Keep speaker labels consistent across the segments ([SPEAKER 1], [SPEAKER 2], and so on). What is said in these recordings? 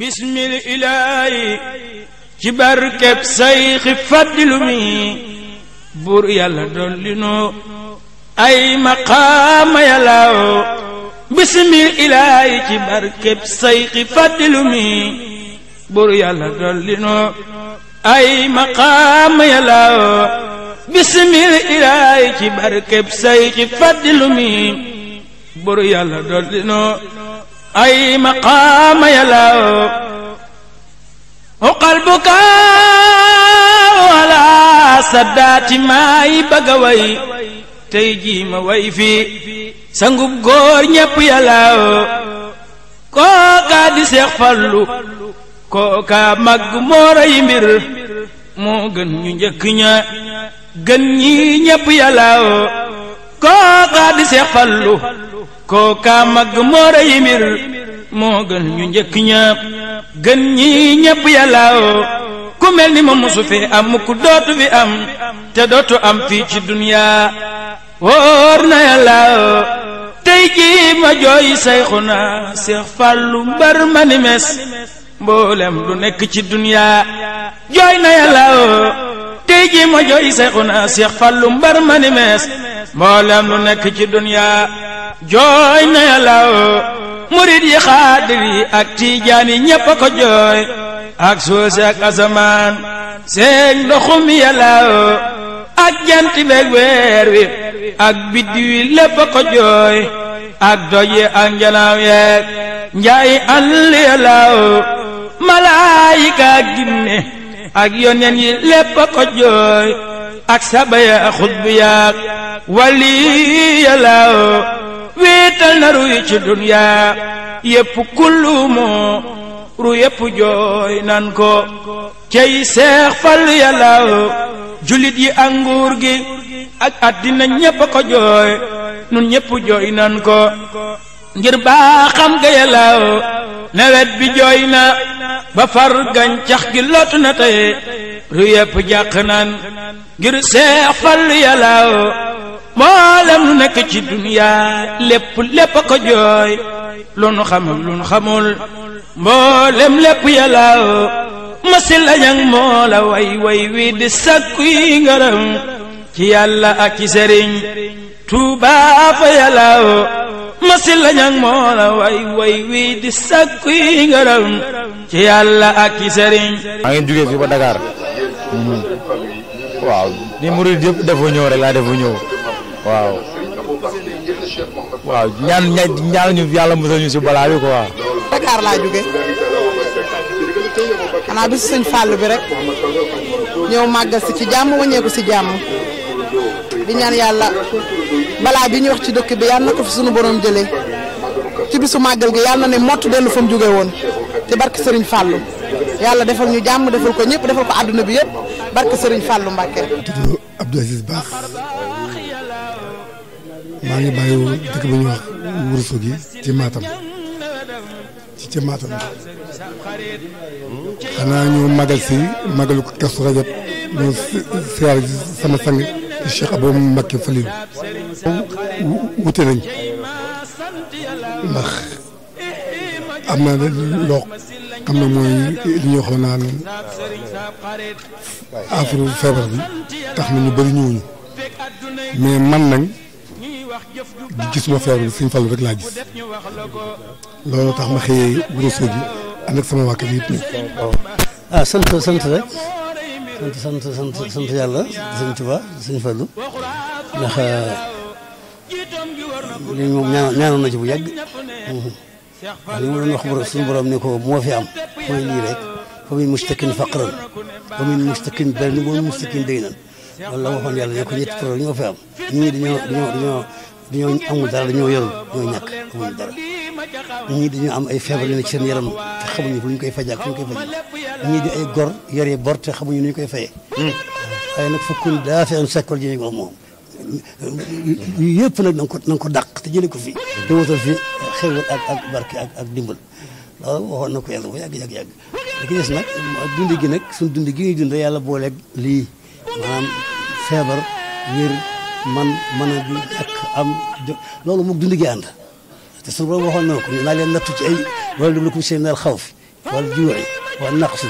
[SPEAKER 1] bismil ilaahi ci barkeb sayxi faddilu mi buur yàlla dolli noo ay maqaama yàllaaw bismil ilaahi ci barkeb sayxi faddilu mi buur yàlla dolli noo ay maqaama yalaw uqal bukaaw ala saddaati maay bëgg a tey jii ma way fii sangub góor ñépp yalaw kookaa di seex fallu kookaa màgg moo rey mbir moo gën ñu njëkk ña gën ñi ñépp yalaw kookaa di seex fallu kookaa màgg moo rey mbir moo gën ñu njëkk ñëpp gën ñi ñëpp yàllaaw ku mel ni ma mosu fi am ku dootu fi am te dootu am fii ci duniyaa wóor na yàllaaw tey jii ma jooy sayxuna Seex Fàllu mbar ma ni mes mboolem lu nekk ci duniyaa jooy na yàllaaw tey jii ma jooy sayxuna Seex Fàllu mbar ma ni mes mboolem lu nekk ci duniyaa jooy na yàllaaw murit yi xaadir yi ak tiijaan yi ko jooy ak suusi ak asamaan seeg ndoxum yàllaaw ak jant weer wi ak biddiw yi ko jooy ak doj ak njanaaw yeeg njaayi àll yàllaaw malaayika ak ginne ak yoneen yi lépp ko jooy ak sabaya xutbu yaag wali yàllaaw wéetal na ruy ci duniyaa yépp kullu moo ru yépp ko cey seex fal yàlla jullit yi ak nguur gi ak àddina ñépp a ko jooy nun ñépp jooy ko ngir baaxam ga yàlla nawet bi jooy ba far gàncax gi lot na tey ru yépp nan ngir seex fal yàlla mboolem lu nekk ci duniyaa lépp lépp a ko jooy lu nu xam xamul mboolem lépp yàllaaw masi lañang moo way way wi di sàkku yi ngërëm ci yàlla ak ci sëriñ tuubaa fa yàllaaw lañang moo la way way wi di sàkku yi ngërëm ci yàlla ak ci sëriñ maa ngi jógee fii ba Dakar waaw ni murid yëpp dafa ñëw rek laa dafa ñëw waaw waaw ñaan ñaan ñu yàlla musal ñu si balaa bi quoi. Dakar laa jóge xanaa bisu sëñ Fallou bi rek ñëw màggal si ci jàmm wàññeeku si jàmm di ñaan yàlla balaa bi ñu wax ci dëkk bi yàlla na ko fi sunu borom jëlee ci bisu màggal gi yàlla na ne mott dellu fa mu jóge woon ci barke Serigne Fallou yàlla defal ñu jàmm defal ko ñëpp defal ko àdduna bi yëpp barke Serigne Fallou Mbacke.
[SPEAKER 2] maa ngi bàyyiwu dëkk bu ñuy wax wurusu gi ci Matam ci ci Matam xanaa ñu magal si magalu Kazu Rajab ñu siyaar sama sang Cheikh Abou Mbacké Falilou wute nañ ndax am na loo xam ne mooy li ñuy waxoon naan affaire feebar bi tax na ñu bëri ñëwuñu mais man nag gisuma feebar bi sëñ Fallou rek laa gis tax ma xëyee bureau soo ji ànd ak sama waa kër yi it ah sant sant rek sant sant sant sant yàlla sëñ Tuubaa sëñ Fallou ndax ah, lii moom ñaanoon na bu yàgg waaw li ma doon wax suñu ko moo fi am mooy lii rek fa min mustakin faqran wa min mustakin benn loolu la waxoon yàlla ñu ko ñetti kuréel yi nga fa am ñii dañoo dañoo dañoo dañoo amul dara dañoo yorul dañoo ñàkk amuñu dara ñii dañoo am ay feebar yu ne ci seen yaram te xamuñu fu ñu koy fajee ak fu ñu koy fajee ñii di ay gor yore bor te xamuñu nu ñu koy fayee. waaye nag fukkul daa fi am sekkal ji ñu ko moom yëpp nag na ko na ko dàq te jëlee ko fi. te wutal fi xewal ak ak barke ak ak dimbal loolu waxoon na ko yàlla bu yàgg yàgg yàgg li nag dund gi nag suñ dund gi ñuy booleeg lii. maanaam feebar wér man mën a bi ak am loolu moom dund gi ànd te suñu borom waxoon na ko naa leen nattu ci ay wala lu seen xaw fi wala juuxi wala naqsu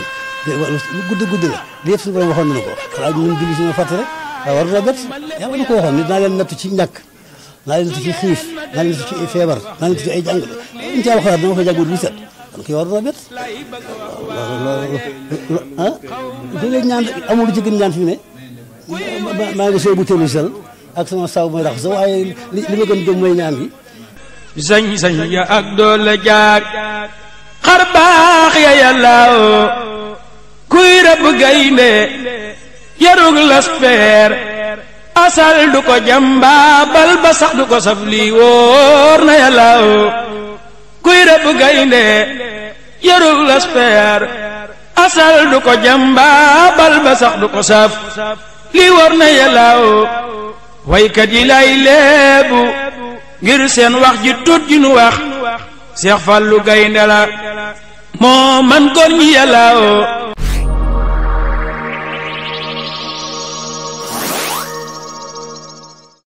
[SPEAKER 2] lu gudd gudd la li waxoon na ko xanaa ñun julli suñu fàtte rek waaw war na bët yaa ma ko waxoon ni naa leen nattu ci ñàkk naa leen nattu ci xiif naa leen nattu ci feebar naa leen nattu ci ay jàng in ci alxuraan dama ko jàngul kii war na bët di leen ah? amul ci ñaan fi ne maa ngi soobu telu sel ak sama saw mooy rax sa waaye li ma gën gëm mooy ñaan
[SPEAKER 1] gi sañ-sañ ya ak doole jaag xar baax ya yàllaaw kuy rëbb gaynde yarug laspeer asal du ko jàmbaa ba sax du ko saf lii wóor na yàllaaw kuy rëbb gaynde yërul aspeer asal du ko jàmbaa bal ba sax du ko saaf lii war na yelaaw waykat yi lay léebu ngir seen wax ji tut ji nu wax Seex Fallu gaynde moo man góor ñi yelaaw